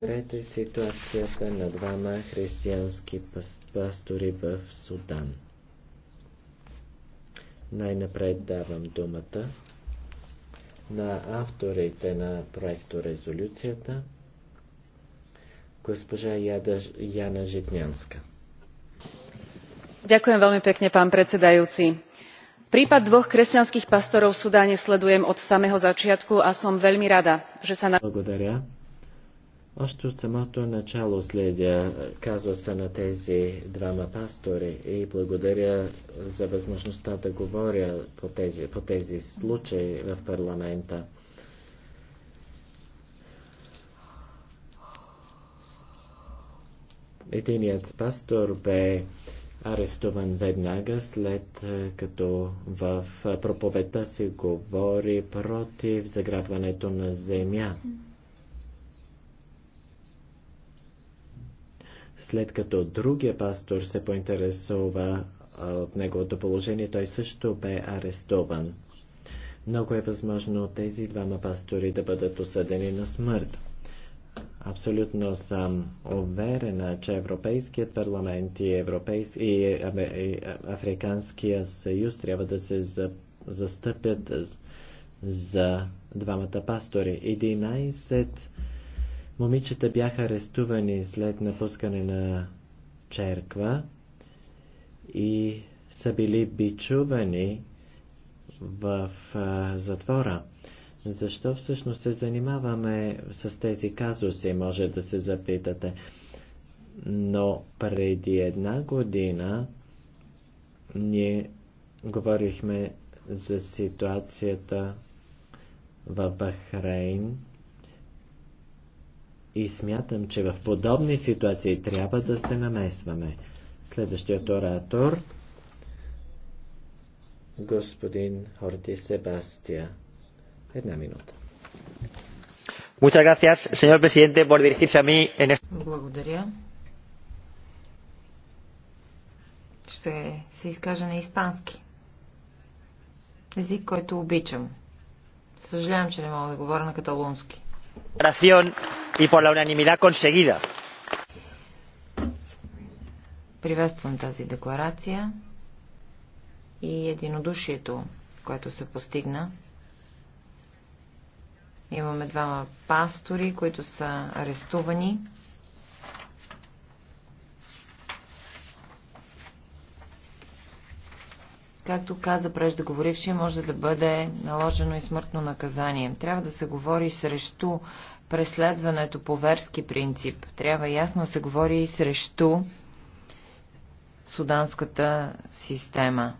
Прете ситуацията на двама християнски пастори в Судан. Най-напред давам думата на авторите на проекто резолюцията, госпожа Яда, Яна Житнянска. Ďakujem veľmi pekne, pán predsedajúci. Prípad dvoch kresťanských pastorov v Sudáne sledujem od samého začiatku a som veľmi rada, že sa na... Благодаря. Още от самото начало следя казва се на тези двама пастори и благодаря за възможността да говоря по тези, по тези случаи в парламента. Единият пастор бе арестуван веднага след е, като в е, проповедта си говори против заграбването на земя. След като другия пастор се поинтересува от неговото положение, той също бе арестован. Много е възможно тези двама пастори да бъдат осъдени на смърт. Абсолютно съм уверена, че Европейският парламент и, Европейс... и, Африканския съюз трябва да се за... застъпят за двамата пастори. Момичета бяха арестувани след напускане на черква и са били бичувани в а, затвора. Защо всъщност се занимаваме с тези казуси, може да се запитате. Но преди една година ние говорихме за ситуацията в Бахрейн и смятам, че в подобни ситуации трябва да се намесваме. Следващият оратор господин Хорти Себастия. Една минута. Muchas gracias, señor presidente, por dirigirse a mí en este... Благодаря. Ще се изкажа на испански. Език, който обичам. Съжалявам, че не мога да говоря на каталонски. Gracias и по ла unanimidad консегида. Приветствам тази декларация и единодушието, което се постигна. Имаме двама пастори, които са арестувани. както каза преждеговорившия, може да бъде наложено и смъртно наказание. Трябва да се говори срещу преследването по верски принцип. Трябва ясно се говори и срещу суданската система.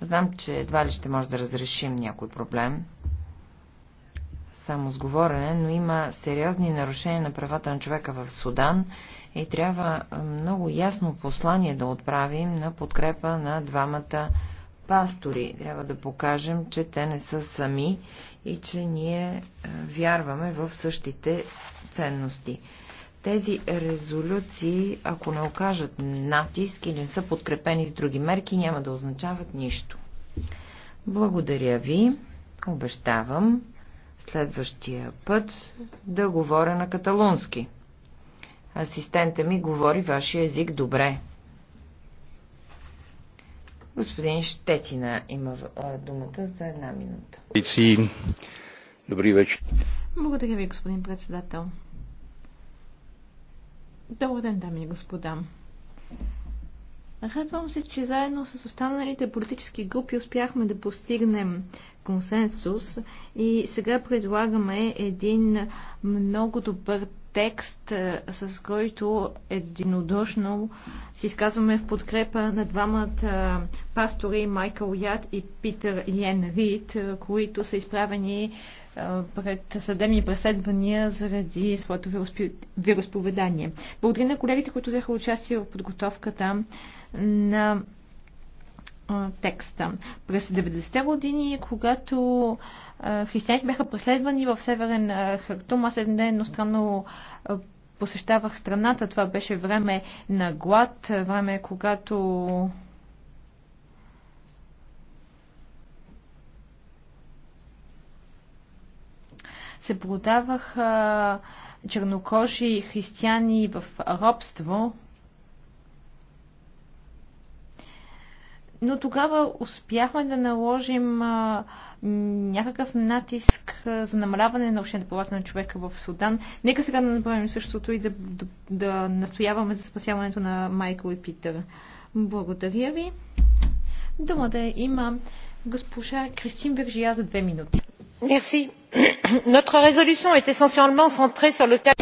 Знам, че едва ли ще може да разрешим някой проблем, само с говорене, но има сериозни нарушения на правата на човека в Судан и трябва много ясно послание да отправим на подкрепа на двамата пастори. Трябва да покажем, че те не са сами и че ние е, вярваме в същите ценности. Тези резолюции, ако не окажат натиск и не са подкрепени с други мерки, няма да означават нищо. Благодаря ви. Обещавам следващия път да говоря на каталунски. Асистента ми говори вашия език добре. Господин Щетина има думата за една минута. Добри вечер. Благодаря ви, господин председател. Добър ден, дами и господа. Радвам се, че заедно с останалите политически групи успяхме да постигнем консенсус и сега предлагаме един много добър текст, е, с който единодушно си изказваме в подкрепа на двамата е, пастори Майкъл Яд и Питър Йен Рид, е, които са изправени пред съдебни преследвания заради своето вирусповедание. Благодаря на колегите, които взеха участие в подготовката на текста. През 90-те години, когато християните бяха преследвани в Северен Хартум, аз един ден едностранно посещавах страната. Това беше време на глад, време когато се продаваха чернокожи християни в робство. но тогава успяхме да наложим а, някакъв натиск а, за намаляване на общината правата на човека в Судан. Нека сега да направим същото и да, да, да настояваме за спасяването на Майкъл и Питър. Благодаря ви. Думата има госпожа Кристин Бержия за две минути. Merci. Notre résolution est essentiellement centrée sur le cas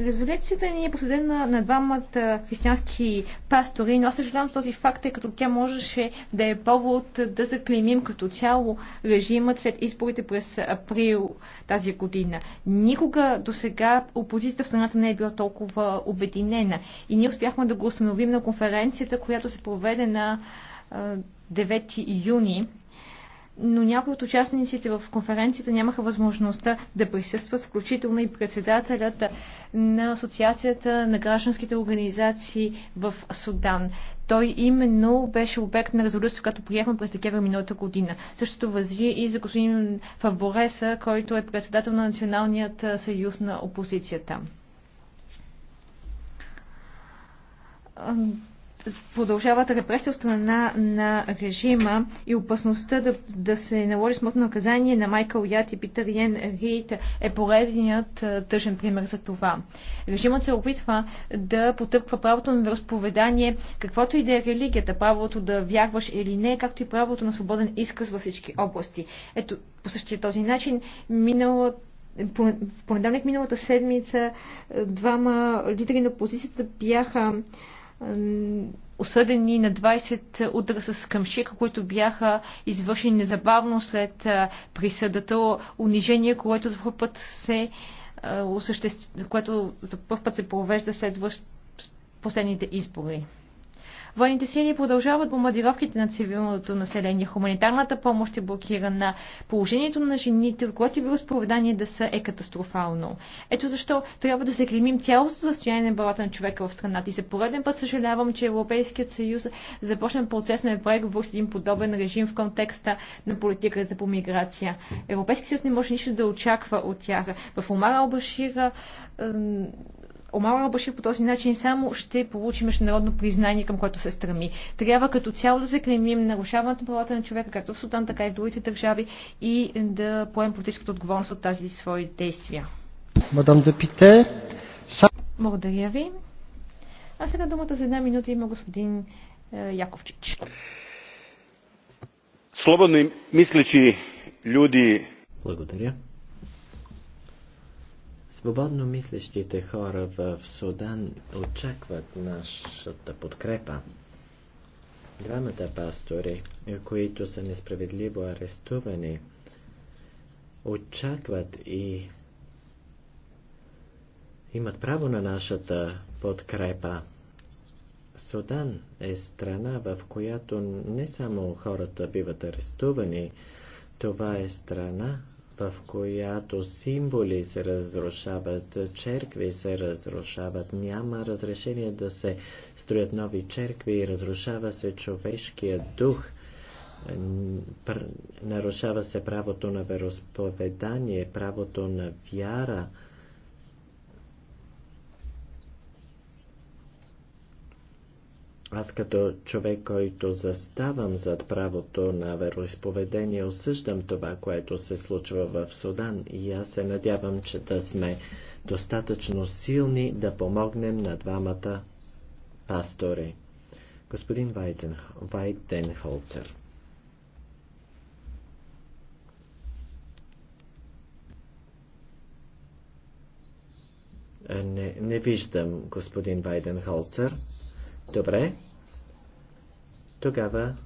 Резолюцията ни е посветена на двамата християнски пастори, но аз съжалявам този факт, тъй е, като тя можеше да е повод да заклеймим като цяло режимът след изборите през април тази година. Никога до сега опозицията в страната не е била толкова обединена и ние успяхме да го установим на конференцията, която се проведе на 9 юни но някои от участниците в конференцията нямаха възможността да присъстват, включително и председателят на Асоциацията на гражданските организации в Судан. Той именно беше обект на резолюция, която приехме през декември миналата година. Същото възри и за господин Фавбореса, който е председател на Националният съюз на опозицията продължават репресия от страна на режима и опасността да, да се наложи смъртно наказание на Майкъл Ят и Питър Йен Рид е поредният тъжен пример за това. Режимът се опитва да потъпква правото на разповедание, каквото и да е религията, правото да вярваш или не, както и правото на свободен изказ във всички области. Ето, по същия този начин, миналата в понеделник миналата седмица двама лидери на позицията бяха осъдени на 20 удара с къмшика, които бяха извършени незабавно след присъдата. Унижение, което за първ път се осъществи, което за първ път се провежда след последните избори. Военните сили продължават бомбардировките на цивилното население. Хуманитарната помощ е блокирана. Положението на жените, в което е било споведание да са, е катастрофално. Ето защо трябва да заклемим цялото състояние на правата на човека в страната. И за пореден път съжалявам, че Европейският съюз започна процес на преговор с един подобен режим в контекста на политиката по миграция. Европейският съюз не може нищо да очаква от тях. В Омара Обашира Омар Албашир по този начин само ще получи международно признание, към което се стреми. Трябва като цяло да кремим нарушаването на правата на човека, както в Судан, така и в другите държави и да поемем политическата отговорност от тази свои действия. Мадам пите. Благодаря ви. А сега думата за една минута има господин е, Яковчич. Слободно мислечи люди... Благодаря. Свободно мислещите хора в Судан очакват нашата подкрепа. Двамата пастори, които са несправедливо арестувани, очакват и имат право на нашата подкрепа. Судан е страна, в която не само хората биват арестувани, това е страна, в която символи се разрушават, черкви се разрушават, няма разрешение да се строят нови черкви, разрушава се човешкия дух, нарушава се правото на вероисповедание, правото на вяра, Аз като човек, който заставам зад правото на вероисповедение, осъждам това, което се случва в Судан и аз се надявам, че да сме достатъчно силни да помогнем на двамата пастори. Господин Вайден, Вайденхолцер. Е, не, не виждам господин Вайденхолцер. Добре. Тогава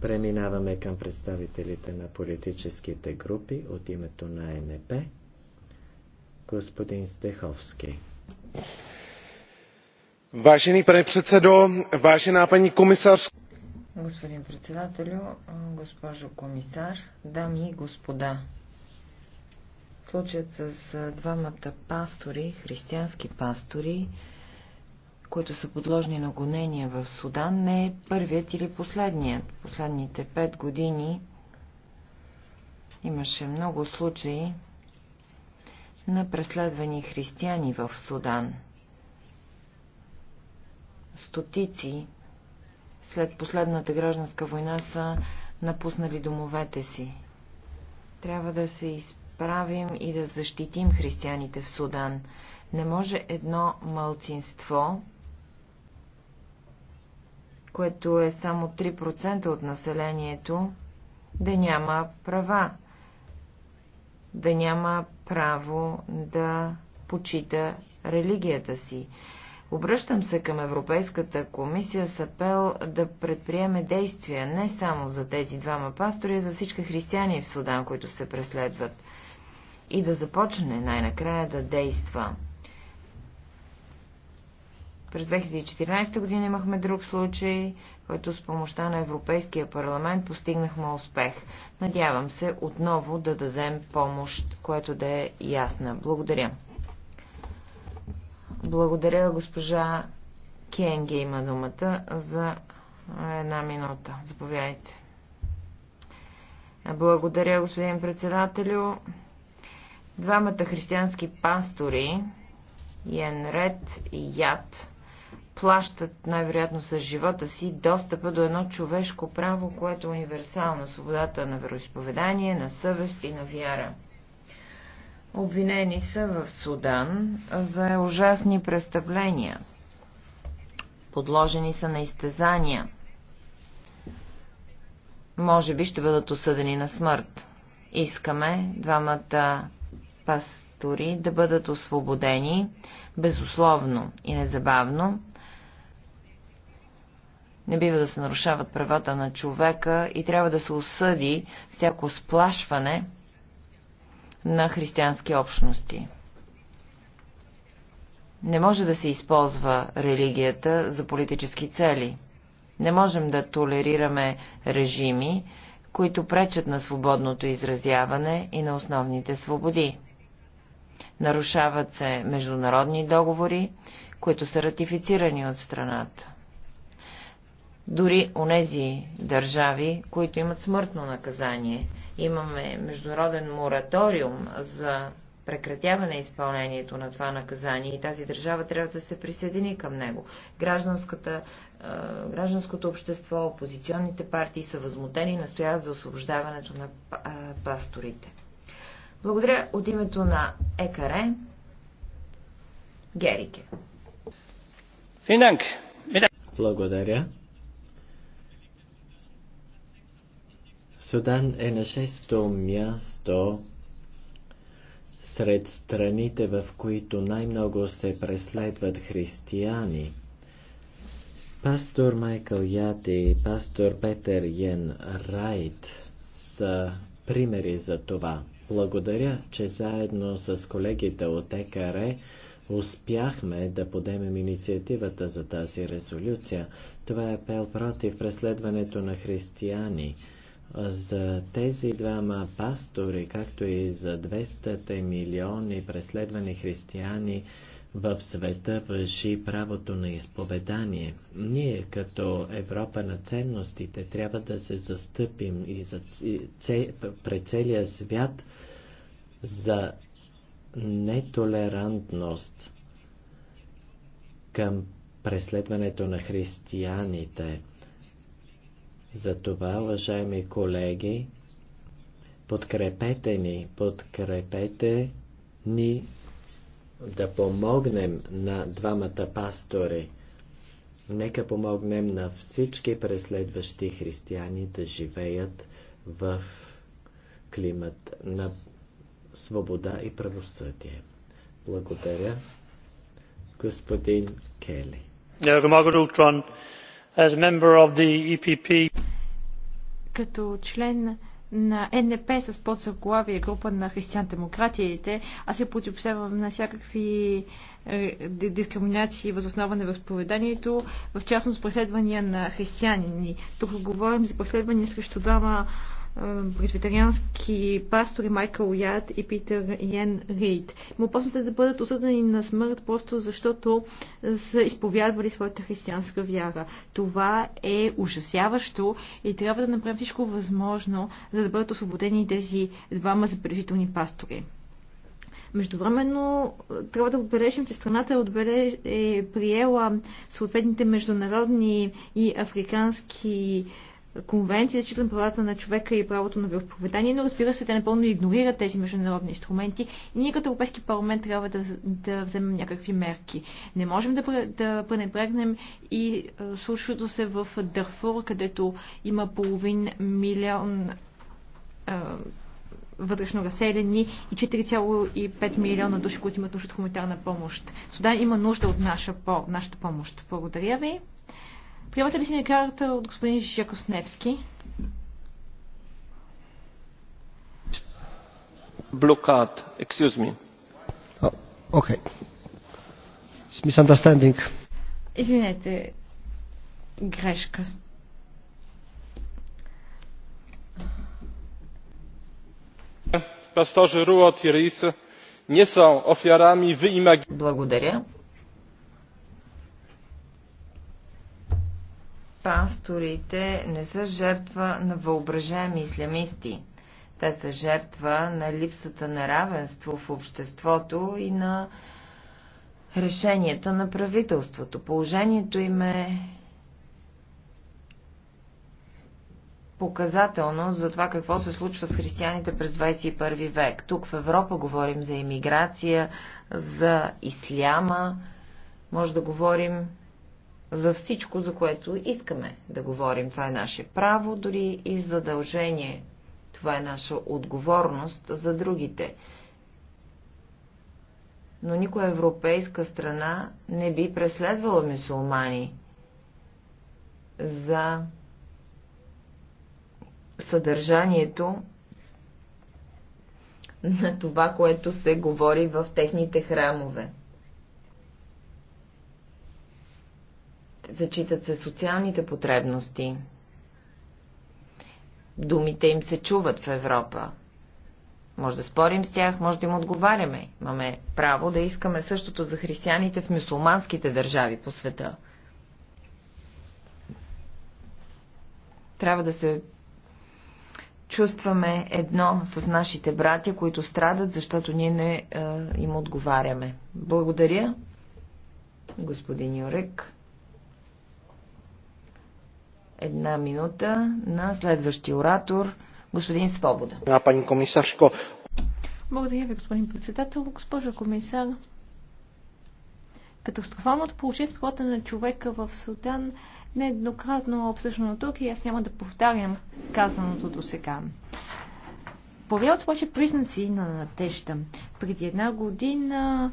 преминаваме към представителите на политическите групи от името на НП. Господин Стеховски. Vážený председо, předsedo, пани комисар. Господин председателю, госпожо комисар, дами и господа. Случаят с двамата пастори, християнски пастори, които са подложни на гонения в Судан, не е първият или последният. Последните пет години имаше много случаи на преследвани християни в Судан. Стотици след последната гражданска война са напуснали домовете си. Трябва да се изправим и да защитим християните в Судан. Не може едно мълцинство което е само 3% от населението, да няма права, да няма право да почита религията си. Обръщам се към Европейската комисия с апел да предприеме действия не само за тези двама пастори, а за всички християни в Судан, които се преследват. И да започне най-накрая да действа. През 2014 година имахме друг случай, който с помощта на Европейския парламент постигнахме успех. Надявам се отново да дадем помощ, което да е ясна. Благодаря. Благодаря, госпожа Кенге има думата за една минута. Заповядайте. Благодаря, господин председателю. Двамата християнски пастори, Йенред и Яд, плащат най-вероятно с живота си достъпа до едно човешко право, което е универсално – свободата на вероисповедание, на съвест и на вяра. Обвинени са в Судан за ужасни престъпления. Подложени са на изтезания. Може би ще бъдат осъдени на смърт. Искаме двамата пастори да бъдат освободени безусловно и незабавно не бива да се нарушават правата на човека и трябва да се осъди всяко сплашване на християнски общности. Не може да се използва религията за политически цели. Не можем да толерираме режими, които пречат на свободното изразяване и на основните свободи. Нарушават се международни договори, които са ратифицирани от страната дори онези държави, които имат смъртно наказание. Имаме международен мораториум за прекратяване изпълнението на това наказание и тази държава трябва да се присъедини към него. Гражданската, е, гражданското общество, опозиционните партии са възмутени и настояват за освобождаването на е, пасторите. Благодаря от името на ЕКАРЕ Герике. Благодаря. Судан е на шесто място сред страните, в които най-много се преследват християни. Пастор Майкъл Ят и пастор Петър Йен Райт са примери за това. Благодаря, че заедно с колегите от ЕКР успяхме да подемем инициативата за тази резолюция. Това е апел против преследването на християни. За тези двама пастори, както и за 200 милиони преследвани християни в света, въжи правото на изповедание. Ние, като Европа на ценностите, трябва да се застъпим и за, це, пред целия свят за нетолерантност към преследването на християните – затова, уважаеми колеги, подкрепете ни, подкрепете ни да помогнем на двамата пастори. Нека помогнем на всички преследващи християни да живеят в климат на свобода и правосъдие. Благодаря, господин Кели. As member of the EPP като член на НДП с подзаглавие група на християн-демократиите, аз се противопоставям на всякакви е, дискриминации възоснова на възповеданието, в частност преследвания на християнини. Тук говорим за преследвания срещу двама пресвитериански пастори Майкъл Яд и Питър Йен Рейд. Му почнаха да бъдат осъдени на смърт просто защото са изповядвали своята християнска вяра. Това е ужасяващо и трябва да направим всичко възможно, за да бъдат освободени тези двама забележителни пастори. Междувременно трябва да отбележим, че страната е, отбележ... е приела съответните международни и африкански конвенция за на правата на човека и правото на вероповедание, но разбира се, те напълно игнорират тези международни инструменти и ние като Европейски парламент трябва да, да вземем някакви мерки. Не можем да, да пренебрегнем и е, случващото се в Дърфур, където има половин милион е, вътрешно разселени и 4,5 милиона души, които имат нужда от хуманитарна помощ. Судан има нужда от наша, по, нашата помощ. Благодаря ви. Приемате ли си на карта от господин Жакосневски? Блокад. Excuse me. Окей. Oh, okay. Misunderstanding. Извинете. Грешка. pastorzy ruot i rys nie są ofiarami wyimaginowanych. пасторите не са жертва на въображаеми ислямисти. Те са жертва на липсата на равенство в обществото и на решенията на правителството. Положението им е показателно за това какво се случва с християните през 21 век. Тук в Европа говорим за иммиграция, за исляма, може да говорим за всичко, за което искаме да говорим. Това е наше право, дори и задължение. Това е наша отговорност за другите. Но никоя европейска страна не би преследвала мусулмани за съдържанието на това, което се говори в техните храмове. Зачитат се социалните потребности. Думите им се чуват в Европа. Може да спорим с тях, може да им отговаряме. Имаме право да искаме същото за християните в мюсулманските държави по света. Трябва да се чувстваме едно с нашите братя, които страдат, защото ние не е, им отговаряме. Благодаря, господин Юрек една минута на следващия оратор, господин Свобода. На пани комисарско. Благодаря ви, господин председател. Госпожа комисар, катастрофалното положение с правата на човека в Судан е нееднократно обсъждано тук и аз няма да повтарям казаното до сега. Появяват се обаче признаци на надежда. Преди една година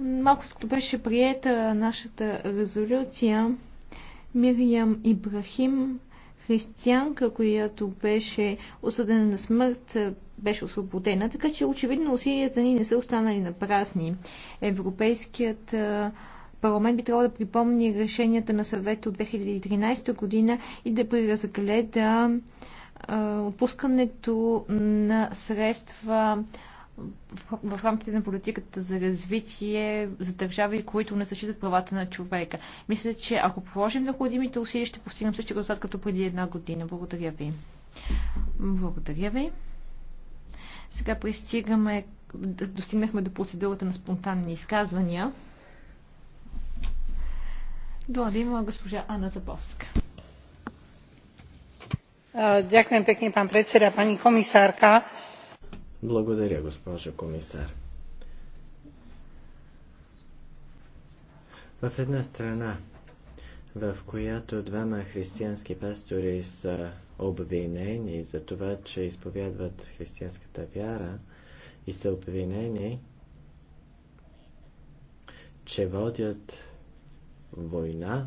малко беше приета нашата резолюция Мириям Ибрахим, християнка, която беше осъдена на смърт, беше освободена, така че очевидно усилията ни не са останали на празни. Европейският парламент би трябвало да припомни решенията на съвет от 2013 година и да преразгледа отпускането на средства в, в рамките на политиката за развитие за държави, които не защитат правата на човека. Мисля, че ако положим необходимите усилия, ще постигнем същия резултат като преди една година. Благодаря ви. Благодаря ви. Сега пристигаме, достигнахме до процедурата на спонтанни изказвания. Доади има госпожа Анна Забовска. Ďakujem pekne, пан predseda, пани комисарка. Благодаря, госпожо комисар. В една страна, в която двама християнски пастори са обвинени за това, че изповядват християнската вяра и са обвинени, че водят война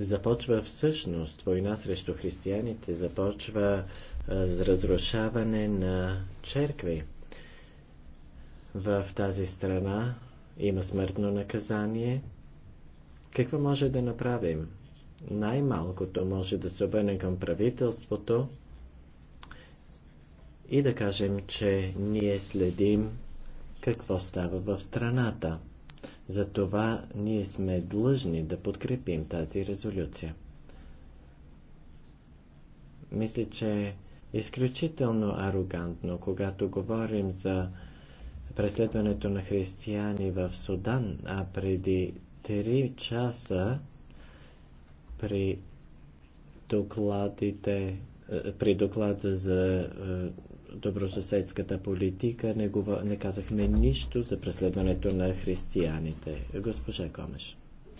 започва всъщност война срещу християните, започва разрушаване на черкви. В тази страна има смъртно наказание. Какво може да направим? Най-малкото може да се обърне към правителството и да кажем, че ние следим какво става в страната. Затова ние сме длъжни да подкрепим тази резолюция. Мисля, че е изключително арогантно, когато говорим за преследването на християни в Судан, а преди 3 часа при докладите при доклада за е, добросъседската политика не, гова, не казахме нищо за преследването на християните. Госпожа Гомеш.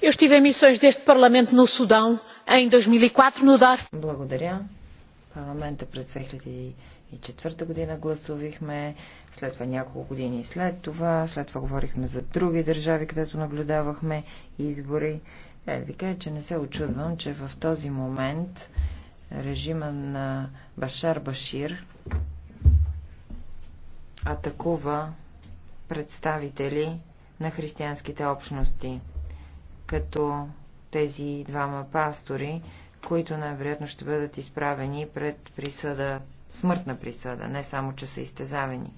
Eu estive em missões deste Parlamento no Sudão em 2004 e no Darfur. Благодаря. Парламента през 2004 година гласувахме, след това няколко години след това, след това говорихме за други държави, където наблюдавахме избори. Е, ви кажа, че не се очудвам, че в този момент режима на Башар Башир атакува представители на християнските общности, като тези двама пастори, които най-вероятно ще бъдат изправени пред присъда, смъртна присъда, не само, че са изтезавени.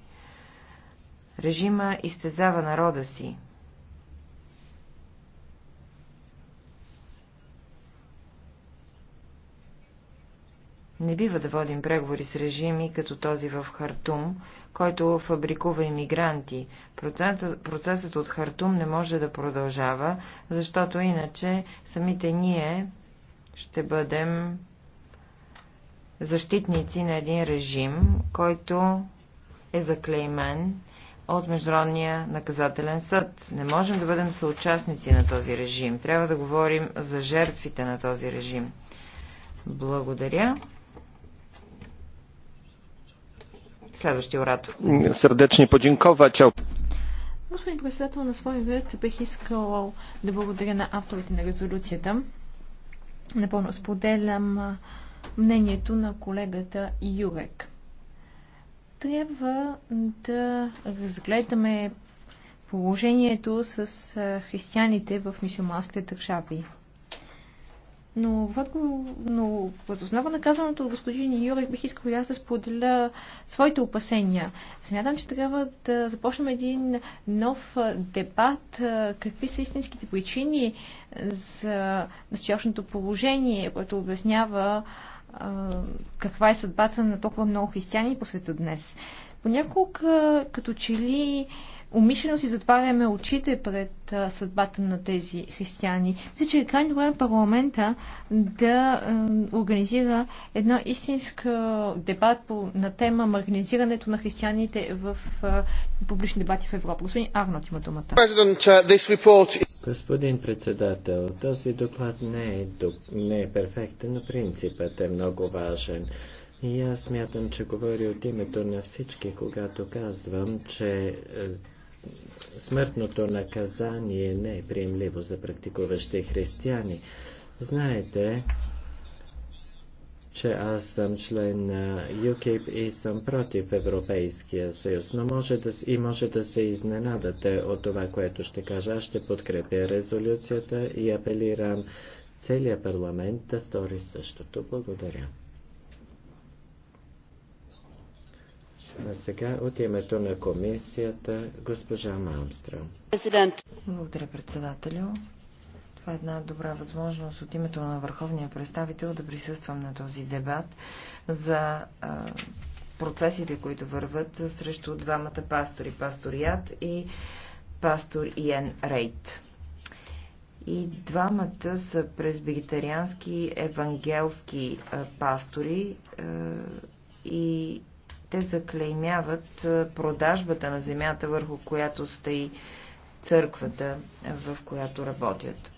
Режима изтезава народа си, Не бива да водим преговори с режими, като този в Хартум, който фабрикува иммигранти. Процесът, от Хартум не може да продължава, защото иначе самите ние ще бъдем защитници на един режим, който е заклеймен от Международния наказателен съд. Не можем да бъдем съучастници на този режим. Трябва да говорим за жертвите на този режим. Благодаря. Следващия оратор. Сърдечни подинкова. Чао. Господин председател, на своя ред бих искал да благодаря на авторите на резолюцията. Напълно споделям мнението на колегата Юрек. Трябва да разгледаме положението с християните в мисиоманските държави. Но, въдко, но възоснова на казаното от господин Юрик бих искал и аз да споделя своите опасения. Смятам, че трябва да започнем един нов дебат. Какви са истинските причини за настоящото положение, което обяснява а, каква е съдбата на толкова много християни по света днес. Понякога, като че ли умишлено си затваряме очите пред съдбата на тези християни. Мисля, че е крайно време парламента да организира една истинска дебат по, на тема маргинизирането на християните в публични дебати в Европа. Господин Арнот има думата. Uh, Господин председател, този доклад не е, не е перфектен, но принципът е много важен. И аз смятам, че говоря от името на всички, когато казвам, че е, смъртното наказание не е приемливо за практикуващи християни. Знаете, че аз съм член на ЮКИП и съм против Европейския съюз, но може да, и може да се изненадате от това, което ще кажа. Аз ще подкрепя резолюцията и апелирам целият парламент да стори същото. Благодаря. А сега от името на комисията госпожа Малмстрън. Благодаря, председателю. Това е една добра възможност от името на върховния представител да присъствам на този дебат за процесите, които върват срещу двамата пастори, Яд и пастор Иен Рейт. И двамата са презбегитариански евангелски пастори и те заклеймяват продажбата на земята, върху която стои църквата, в която работят.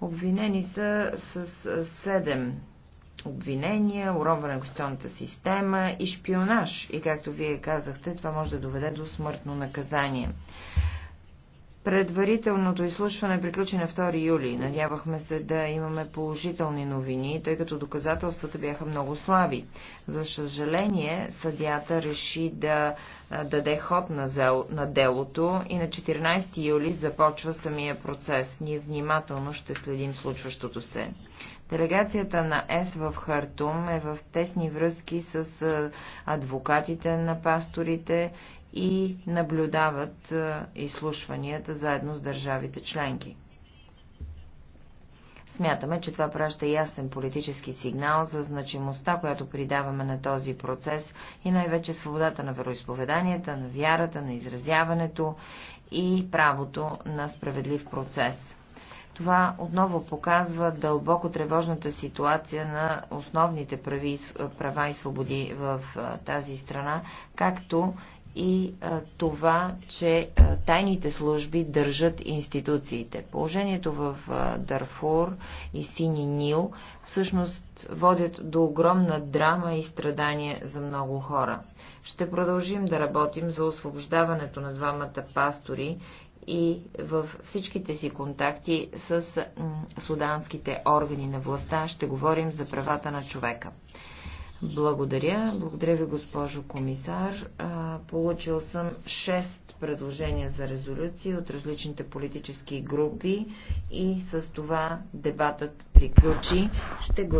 Обвинени са с седем обвинения, уронване на конституционната система и шпионаж. И както вие казахте, това може да доведе до смъртно наказание. Предварителното изслушване е приключи на 2 юли. Надявахме се да имаме положителни новини, тъй като доказателствата бяха много слаби. За съжаление, съдята реши да даде ход на, зел, на делото и на 14 юли започва самия процес. Ние внимателно ще следим случващото се. Делегацията на ЕС в Хартум е в тесни връзки с адвокатите на пасторите и наблюдават изслушванията заедно с държавите членки. Смятаме, че това праща ясен политически сигнал за значимостта, която придаваме на този процес и най-вече свободата на вероисповеданията, на вярата, на изразяването и правото на справедлив процес. Това отново показва дълбоко тревожната ситуация на основните прави, права и свободи в тази страна, както и а, това, че а, тайните служби държат институциите. Положението в а, Дарфур и Сини Нил всъщност водят до огромна драма и страдания за много хора. Ще продължим да работим за освобождаването на двамата пастори и във всичките си контакти с суданските органи на властта ще говорим за правата на човека. Благодаря. Благодаря ви, госпожо комисар. Получил съм 6 предложения за резолюции от различните политически групи и с това дебатът приключи. Ще гласуваме.